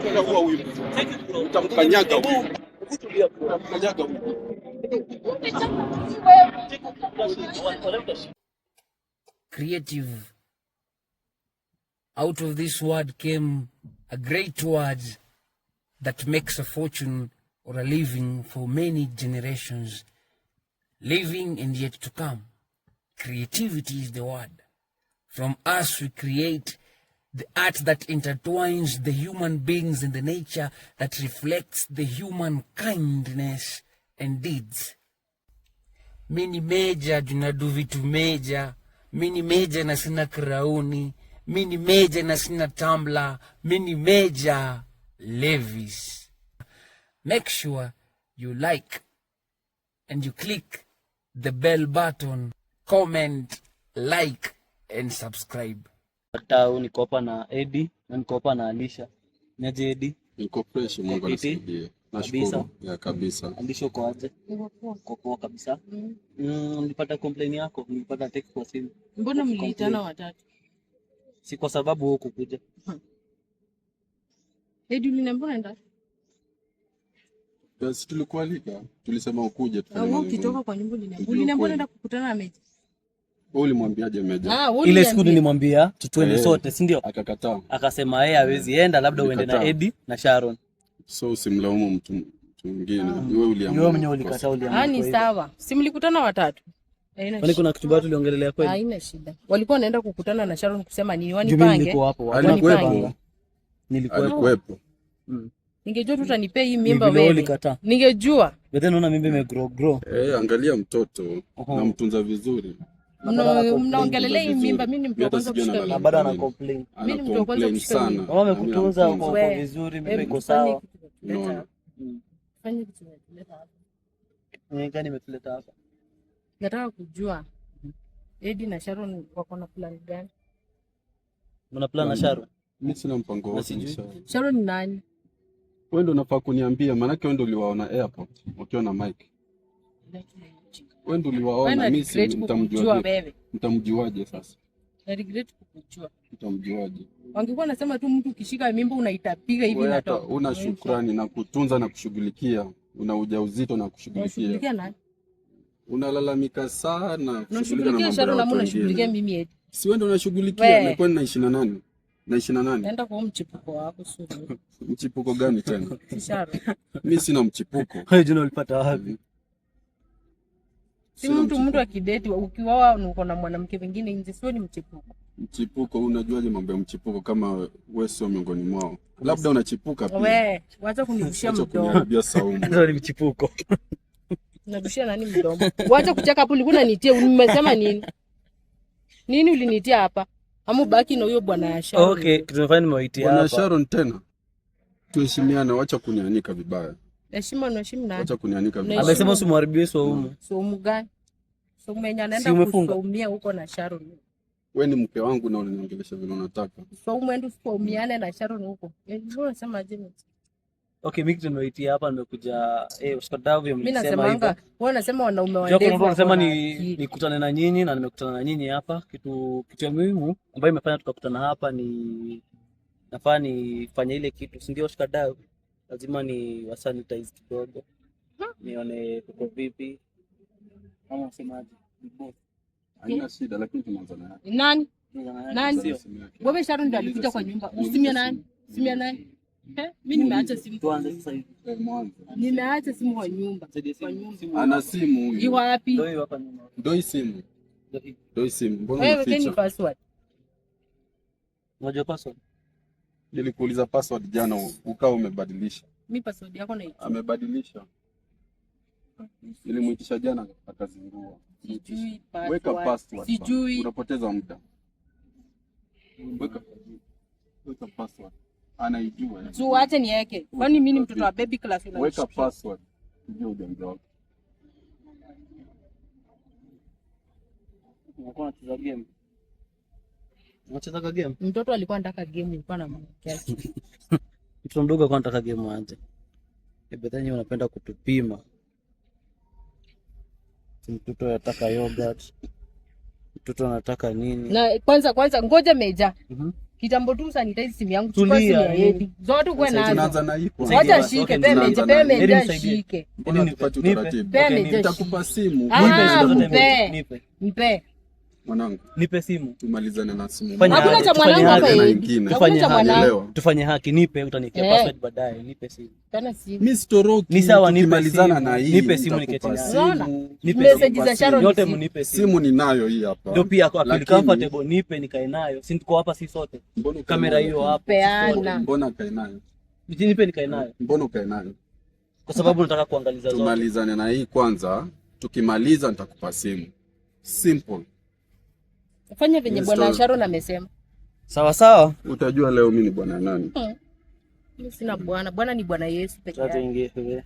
huwa huyu utamkanyaga utamkanyaga huyu. Creative. Out of this word came a great word that makes a fortune or a living for many generations, living and yet to come. Creativity is the word. From us we create the art that intertwines the human beings and the nature that reflects the human kindness and deeds. Mi ni meja junadu vitu meja, mi ni meja na sina krauni, mi ni meja na sina tambla, mi ni meja Levis. Make sure you like and you click the bell button, comment, like and subscribe. Hata uh, au niko hapa na Edi na niko hapa na Alisha. Niaje Edi? Niko fresh, Mungu anisaidie. Kabisa. Ya kabisa. Alisha uko aje? Niko poa kabisa. Mm, nilipata complaint yako, nilipata text kwa simu. Mbona mliitana watatu? Si kwa sababu wewe ukukuja. Eddie, uliniambia unaenda? Basi tulikualika. Tulisema ukuje tu. Wewe ukitoka kwa nyumba uliniambia unaenda kukutana na meji. Ah, ile siku nilimwambia tutwende eh, sote, si ndio? Akakataa, akasema yeye hawezienda, eh, labda uende na Edi na Sharon. So usimlaumu mtu mwingine, ah. wewe uliamua, wewe ulikataa, uliamua. Ni yaani, sawa, si mlikutana watatu? Kwani kuna kitu bado tuliongelelea kweli? Haina shida. Walikuwa wanaenda kukutana na Sharon kusema nini wanipange. Nilikuwa hapo. Alikuwepo. Nilikuwepo. Mm. Ningejua tu utanipe hii mimba wewe. Ningejua. Wewe unaona mimba imegrow grow. Eh, angalia mtoto. Namtunza vizuri mnaongelelea hii mimba, mimi ni mtu wa kwanza kushika mimba. Bado ana complain, mimi ni mtu wa kwanza kushika mimba. Wamekutunza vizuri, sawa. kitu hapa. Ni gani hapa? Nataka kujua na Sharon wako na plan gani? Mna plan na Sharon? Mimi sina mpango Sharon ni nani? Wewe ndio unafaa kuniambia, maanake wewe ndio uliwaona airport ukiwa na Mike wewe ndio uliwaona, mimi si mtamjua. Wewe Mtamjuaje sasa? Na regret kukujua. Mtamjuaje? Wangekuwa nasema tu mtu ukishika mimba unaitapiga hivi na toka. Una shukrani na kutunza na kushughulikia, una ujauzito na kushughulikia. Unashughulikia Na unalalamika sana kushughulikia Sharon na unashughulikia mimi eti. Si wewe ndio unashughulikia na kwani na 28. Na 28. Nenda kwa mchipuko wako sio. Mchipuko gani tena? Sharon. Mimi sina mchipuko. Hayo jina ulipata wapi? si mtu mtu akideti ukiwawa uko na mwanamke mwingine nzi, sio ni mchepuko. mchipuko unajuaje mambo ya mchipuko kama wewe sio miongoni mwao? Labda unachipuka pia. Wewe wacha kunibushia mdomo. Ndio ni mchipuko. Unabushia nani mdomo? Wacha kucheka hapo, ulikuwa unanitia umesema nini? Nini ulinitia hapa? Amu baki na huyo bwana Sharon. Okay, kitu nimefanya nimewaitia hapa. Bwana Sharon tena. Tuheshimiane, wacha kunianika vibaya. Heshima na heshima na. Acha kunianika. Amesema usimharibie saumu. Saumu gani? Saumu yenye anaenda kusaumia huko na Sharon. Wewe ni mke wangu na unaniongelesha vile unataka. Saumu ende usipoumiane na Sharon huko. Hebu eh, nasema aje mimi? Okay, mimi kitu nimeitia hapa nimekuja eh, ushikadavu vile Mimi nasema wewe unasema wanaume wa ndevu. Joko unasema ni nikutane na nyinyi na nimekutana na nyinyi hapa. Kitu kitu muhimu ambayo imefanya tukakutana hapa ni nafaa nifanye ile kitu, si ndio usikadau? lazima ni wasanitize kidogo, hmm. nione kuko vipi, kama usemaje. Haina shida, lakini tunaanza na nani nani, wewe Sharon ndio alikuja kwa nyumba, usimia nani, Simia nani. Eh, mimi nimeacha simu, tuanze sasa hivi. Eh, nimeacha simu kwa nyumba, kwa nyumba. Ana simu huyu, iko wapi? Ndio hapa nyuma, ndio simu, ndio simu. Mbona unaficha wewe? Ni password, unajua password nilikuuliza password jana ukawa umebadilisha. Mimi password yako na amebadilisha. Nilimuitisha jana akazingua. Sijui weka password. Sijui unapoteza muda. Weka weka password. Anaijua. Tu acha niweke. Kwani mimi ni mtoto wa baby class una. Weka password. Ndio ujanja wako. Unakuwa unacheza game. Unacheza game? Mtoto alikuwa anataka game, alikuwa na Mtoto mdogo alikuwa anataka game aje. Ebethenye eh, unapenda kutupima. Mtoto anataka yogurt. Mtoto anataka nini? Na kwanza kwanza ngoja Meja. Mhm. Mm Kitambo tu sanitize simu yangu chukua simu ya Edi. Zote uwe nazo. Wacha shike pe Meja, pe Meja shike. Nipe. Nitakupa simu. Ah, nipe. Nipe. Mwanangu, nipe simu tumalizane na simu. Hakuna cha mwanangu, tufanye haki, nipe utanikia eh. password baadaye, nipe simu. simu mimi sitoroki, ni sawa, na hii, nipe simu niketi nipe message za Sharon, yote mnipe simu. Simu ninayo hii hapa, ndio pia kwa comfortable, nipe nikae nayo, si tuko hapa, sote, kamera hiyo hapa, peana. Mbona kae nayo? Nipe nikae nayo. Mbona nayo? Kwa sababu nataka kuangaliza zote. Tumalizane na hii kwanza, tukimaliza nitakupa simu, simple Fanya venye Bwana Sharon amesema. Sawa sawa. Utajua leo mimi ni bwana nani? Hmm. Mimi sina bwana. Bwana ni Bwana Yesu pekee yake.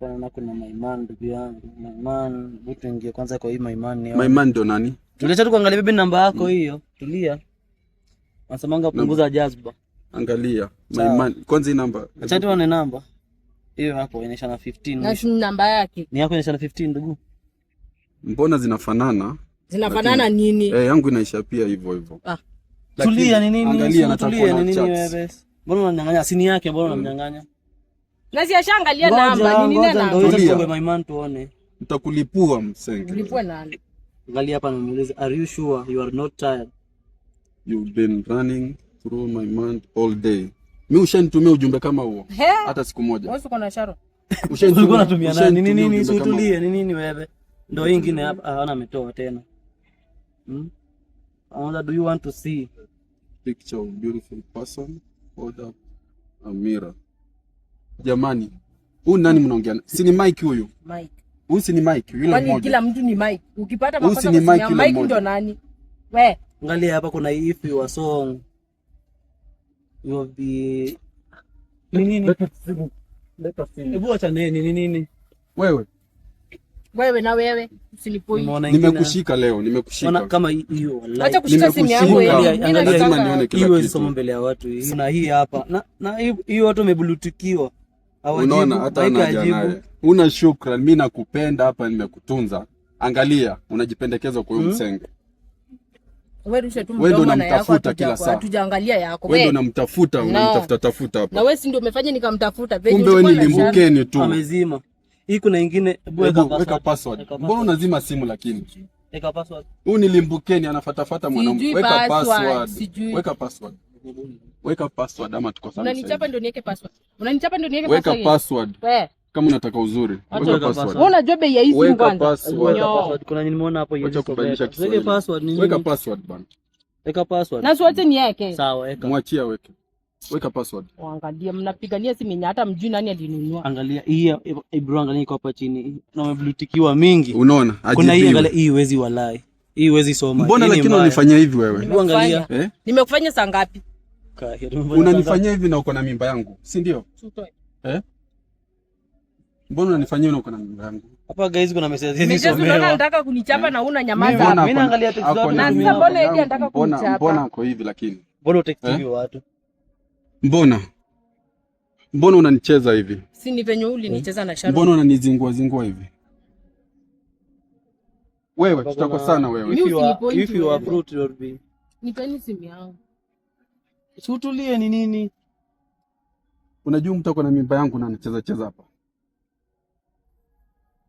Bwana kuna Maiman ndugu yangu. Maiman, mtu ingie kwanza kwa hii Maiman. Yaani. Maiman ndo nani? Tuliacha tu kuangalia bibi namba yako hmm. hiyo. Tulia. Nasemanga punguza jazba. Angalia Maiman. Kwanza hii namba. Acha tu namba. Hiyo hapo inaisha na 15. Na namba yake. Ni yako inaisha na 15 ndugu. Mbona zinafanana? Zinafanana nini? Eh, yangu inaisha pia hivyo hivyo. Ah. Tulia ni nini? Angalia anatakuwa ni nini? wewe? Mbona unanyang'anya sini yake? Mbona mm. unamnyang'anya? Na si ashaangalia namba, ni nini ndio Tulia kwa my man tuone. Nitakulipua msenge. Nilipua nani? Angalia hapa namuuliza, are you sure you are not tired? You've been running through my mind all day. Mimi ushanitumia ujumbe kama huo hata siku moja. Wewe uko na sharo. Ushanitumia nani? Nini nini? Tulie, ni nini wewe? Ndio ingine hapa, ah, ana ametoa tena. Hmm? Anza, do you want to see picture of beautiful person? Hold up a mirror. Jamani, huyu nani mnaongea? Si ni Mike huyu? Mike. Huyu si ni Mike, yule mmoja. Kila mtu ni Mike. Ukipata makosa ni Mike, Mike ndo nani? We, angalia hapa kuna if you are song. You will be nini nini? Let us see. Let us Hebu acha nini nini nini. Wewe wewe na wewe usilipoi. Nimekushika leo, nimekushika kama hiyo Acha kushika simu yangu ili lazima nione kila kitu. Hiyo somo mbele ya watu hii na hii hapa na na hiyo watu wamebulutikiwa. Unaona hata anaja naye. Una shukran, mimi nakupenda hapa, nimekutunza. Angalia, unajipendekeza kwa huyo hmm? msenge. Wewe ndio unamtafuta kila saa. tujaangalia yako. Wewe ndio unamtafuta, unamtafuta tafuta hapa. Na wewe si ndio umefanya nikamtafuta. Kumbe wewe ni limbukeni tu. Amezima. Hii kuna ingine, weka weka password. Mbona unazima simu lakini? Weka password. Huu ni limbukeni anafatafata mwanaume. Weka password. Weka password. Weka password ama tuko sawa. Unanichapa ndio niweke password. Unanichapa ndio niweke password. Weka password. Wewe kama unataka uzuri. Weka password. Wewe unajua bei ya hii simu kwanza. Weka password. Kuna nini umeona hapo hiyo? Acha kubadilisha Kiswahili. Weka password. Weka password bana. Weka password. Na siwache niweke. Sawa, weka. Mwachia weke. Weka password. Waangalia mnapigania simu yenye hata mjui nani alinunua. Angalia hii eh, eh, bro, angalia iko hapa chini. Na umeblutikiwa mingi. Unaona? Kuna hii angalia hii huwezi walai. Hii huwezi soma. Mbona lakini unanifanyia hivi wewe? Angalia. Eh? Nimekufanya saa ngapi? Unanifanyia hivi na uko na mimba yangu, si ndio? Eh? Mbona unanifanyia na uko na mimba yangu? Hapa guys kuna message hizi somewa. Eh? Mimi nataka kunichapa na una nyamaza. Mimi naangalia text zako. Na sasa mbona yeye anataka kunichapa? Mbona uko hivi lakini? Mbona utext hivi watu? Mbona mbona unanicheza hivi? Si ni venye ulinicheza eh? na Sharon. Mbona unanizingua zingua hivi? Wewe sana wewe. If you are if you are brute you'll be. Nipeni simu yangu. Tutulie ni nini? Unajua mtu na mimba yangu na anacheza cheza hapa.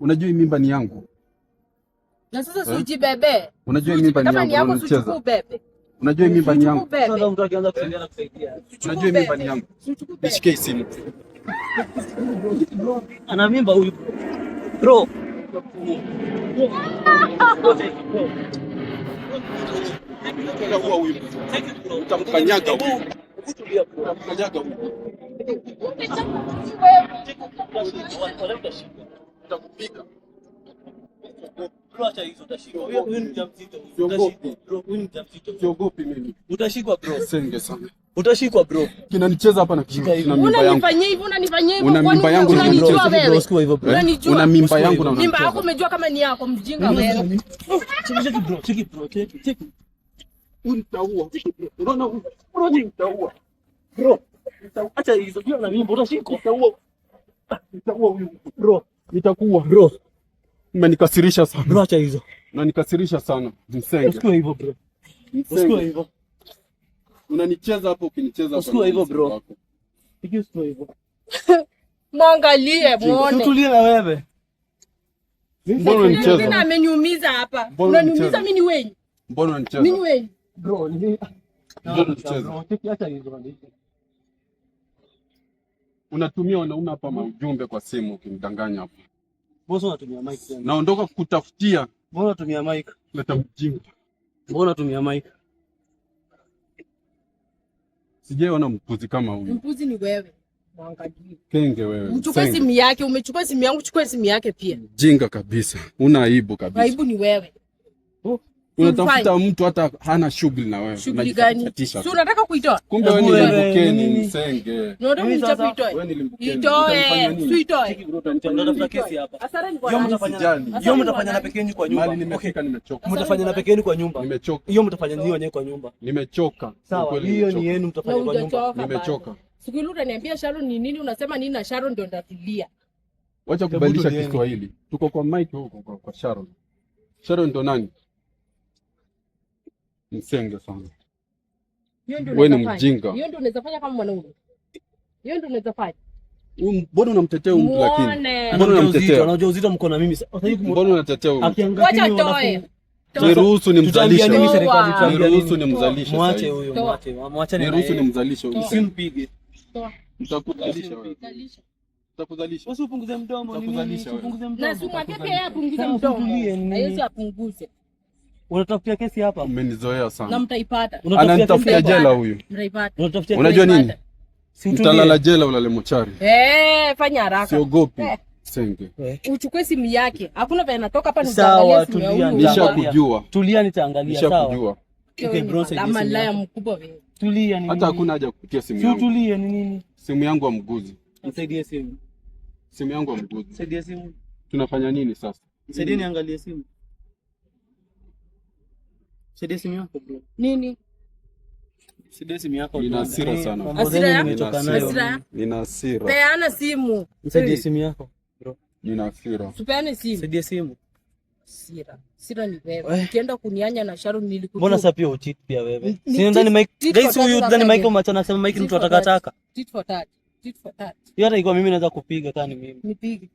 Unajua mimba ni yangu. Na sasa eh? Sujibebe. Unajua mimba ni yangu. Kama ni yangu usichukue bebe. Unajua mimba ni yangu. Sasa mtu akianza kusaidia. Unajua mimba ni yangu. Nishike simu. Ana mimba huyu. Bro. Utamkanyaga huyu. Utashikwa bro. Senge sana. Utashikwa bro. Kinanicheza hapa na kina mimba yangu. Unanifanyia hivyo, unanifanyia hivyo. Una mimba yangu na unanijua wewe. Usikiwa Una mimba yangu na unanijua. Mimba yako umejua kama ni yako mjinga wewe. Oh, cheki bro, cheki bro, cheki cheki. Unitaua. Unaona huyu? Bro, unitaua. Bro, acha hizo. Ndio na mimba utashikwa. Utaua. Utaua huyu bro. Nitakuua bro. Umenikasirisha sana. Bro, acha hizo. Unanikasirisha sana. Msenge. Usikue hivyo bro. Usikue hivyo. Unanicheza hapo ukinicheza hapo. Usikue hivyo bro. Pigia usikue hivyo. Mwangalie muone. Tutulie na wewe. Mbona unanicheza? Mbona ameniumiza hapa? Unaniumiza mimi ni wewe. Mbona unanicheza? Mimi wewe. Bro, ni unatumia wanaume hapa maujumbe kwa simu ukimdanganya hapa. Mbona unatumia mic Naondoka kukutafutia. Mbona unatumia mic? Mbona unatumia mic? Sijaona mpuzi kama huyu. Mpuzi ni wewe. Mwangalie. Kenge wewe. Mchukue simu yake, umechukua simu yangu, chukua simu yake pia. Jinga kabisa. Una aibu kabisa. Aibu ni wewe unatafuta mtu hata hana shughuli na wewe. Shughuli gani? Si unataka kuitoa? Kumbe wewe ni mkeni ni msenge. Unataka kuita kuitoe? Itoe, si itoe. Ndio nafanya kesi hapa. Asara ni kwa nani? Hiyo mtafanya na pekeni kwa nyumba. Mali nimefika nimechoka. Mtafanya na pekeni kwa nyumba. Nimechoka. Hiyo mtafanya nyinyi wenyewe kwa nyumba. Nimechoka. Sawa, hiyo ni yenu mtafanya kwa nyumba. Nimechoka. Siku ile utaniambia Sharon ni nini unasema nini na Sharo ndio ndatulia. Wacha kubadilisha Kiswahili. Tuko kwa Mike huko kwa Sharo. Sharo ndo nani? msenge sana. Wewe ni mjinga. Hiyo ndio unaweza fanya kama mwanaume. Hiyo ndio unaweza fanya. Mbona unamtetea mtu lakini? Mbona unamtetea? Unajua uzito mko na mimi. Mbona unatetea huyu? Wacha toe. Niruhusu nimzalishe. Niruhusu nimzalishe. Mwache huyo, mwache. Mwache ni. Niruhusu nimzalishe huyo. Usimpige. Nitakudhalisha wewe. Nitakudhalisha. Usipunguze mdomo. Nitakudhalisha wewe. Na usimwambie pia apunguze mdomo. Yesu apunguze. Unatafutia kesi hapa? Umenizoea sana. Na mtaipata. Ananitafutia jela huyu. Mtaipata. Unatafutia unajua nini? utalala jela ulale mochari. Eh, fanya haraka. Siogopi. Eh. Senge. Eh. Uchukue simu yake. Hakuna vile natoka hapa nitaangalia simu yangu. Sawa, tulia. Nishakujua. Tulia nitaangalia, sawa. Nishakujua. Okay, bro, sasa. Kama laya mkubwa wewe. Tulia ni. Hata hakuna haja kukutia simu yangu. tulia ni nini? Simu yangu amguzi. Nisaidie simu. Simu yangu amguzi. Nisaidie simu. Tunafanya nini sasa? Nisaidie niangalie simu. Sidi simu yako bro. Nini? Sidi simu yako. Nina hasira sana. Hasira yako? Hasira. Nina hasira. Peana simu. Sidi simu yako bro. Nina hasira. Tupeane simu. Sidi simu. Sira ni wewe. Eh. Ukienda kunianya na Mbona sasa pia uchit pia wewe? Si ndani Mike. Guys huyu ndani Mike anasema Mike mtu atakataka. Tit for tat. Tit for tat. mimi naweza kupiga kani mimi. Nipige.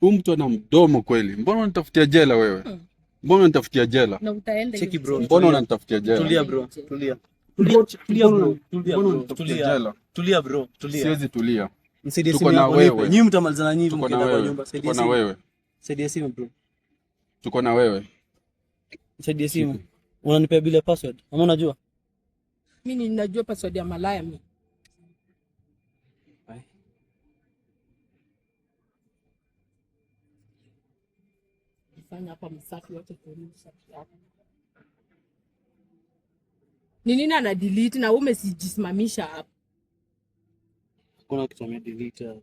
Huyu mtu ana mdomo kweli. Mbona ntafutia jela wewe? Hmm. Mbona unanitafutia jela? Na utaenda. Cheki bro. Mbona unanitafutia jela? Tulia bro. Tulia. Tulia Tulia. Tulia. Tulia bro. Tulia. Siwezi tulia. Msaidie simu yako. Tuko na wewe. Nyinyi mtamalizana nyinyi mkienda kwa nyumba. simu. Tuko na wewe. Saidia simu bro. Tuko na wewe. Saidia simu. Unanipea bila password. Ama unajua? Mimi ninajua password ya malaya mimi. kufanya hapa msafi, wacha kurudi safi yako. Ni nini ana delete na wewe umejisimamisha hapa? Kuna kitu ame delete.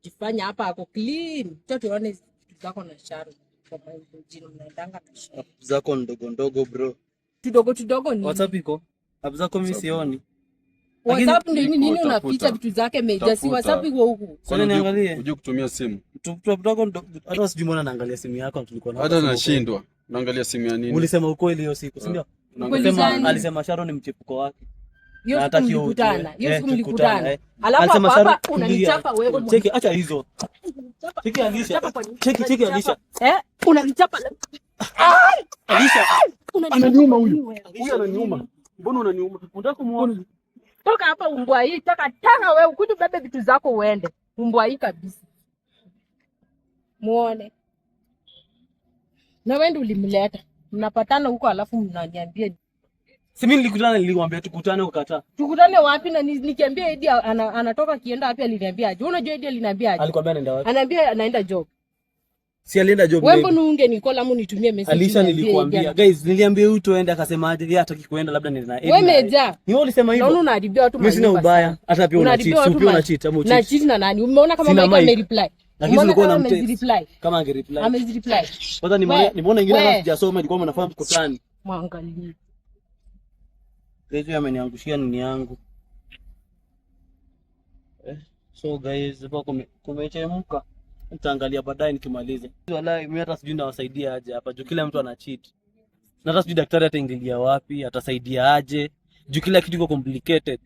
Kifanya hapa ako clean. Cha tuone vitu zako na sharu. Kwa hizo jino mnaendanga na sharu. Zako ndogo ndogo bro. Tudogo tudogo ni? WhatsApp iko? App zako mimi sioni. WhatsApp ndio nini nini, unaficha vitu zake meja, si WhatsApp iko huku. Sasa niangalie, unajua kutumia simu hata sijui mbona naangalia simu yako, tulikuwa na hata nashindwa naangalia simu ya nini. Ulisema ukweli hiyo siku, si ndio? Ah, alisema Sharo ni mchepuko wake eh, eh. unaniuma eh? huyu, huyu ananiuma. Mbona unaniuma? Unataka kumuona? toka hapa umbwa hii, toka tanga wewe ukuje ubebe vitu zako uende. Umbwa hii kabisa. Muone. Na wewe ulimleta. Mnapatana huko alafu mnaniambia si mimi nilikutana, nilikwambia tukutane, ukata. Tukutane wapi? Na nikiambia Edi anatoka kienda wapi, aliniambia aje? Unajua Edi aliniambia aje? Alikwambia anaenda wapi? Anaambia anaenda job. Si alienda job. Wewe mbona unge ni call ama nitumie message? Alisha nilikuambia. Guys, niliambia huyu tuende akasema hadi yeye hataki kuenda labda na Wewe meja. Ni wewe ulisema hivyo. Naona unaharibia watu Mimi sina ubaya. Hata pia una cheat, pia una cheat ama cheat Na cheat na nani? Umeona kama Mike ame reply. Lakini ulikuwa na reply, Kama ange reply. Ame reply. Kwanza ni nimeona ingine hata sijasoma ilikuwa mnafanya mkutano. Mwangalie. Leo ameniangushia nini yangu? Eh? So guys, hapo kumechemka nitaangalia baadaye nikimaliza. Wallahi mimi hata sijui nawasaidia aje hapa juu kila mtu ana cheat. Na hata sijui daktari ataingilia wapi, atasaidia aje juu kila kitu kiko complicated.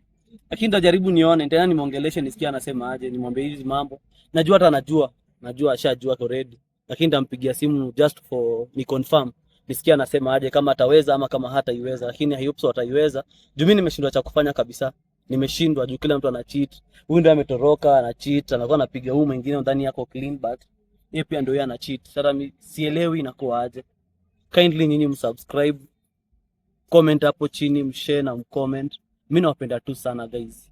Lakini nitajaribu nione, tena nimuongeleshe nisikie anasema aje, nimwambie hizi mambo. Najua hata anajua, najua ashajua already. Lakini nitampigia simu just for ni confirm. nisikia anasema aje kama ataweza ama kama hataiweza. Lakini I hope so ataiweza. Juu mimi nimeshindwa cha kufanya kabisa nimeshindwa juu kila mtu ana cheat. Huyu ndio ametoroka ana cheat, anakuwa anapiga huyu mwingine ndani yako clean but yeye pia ndio yeye ana cheat. Sasa mimi sielewi inakuwa Kindly nyinyi msubscribe, comment hapo chini, mshare na mcomment. Mimi nawapenda tu sana guys.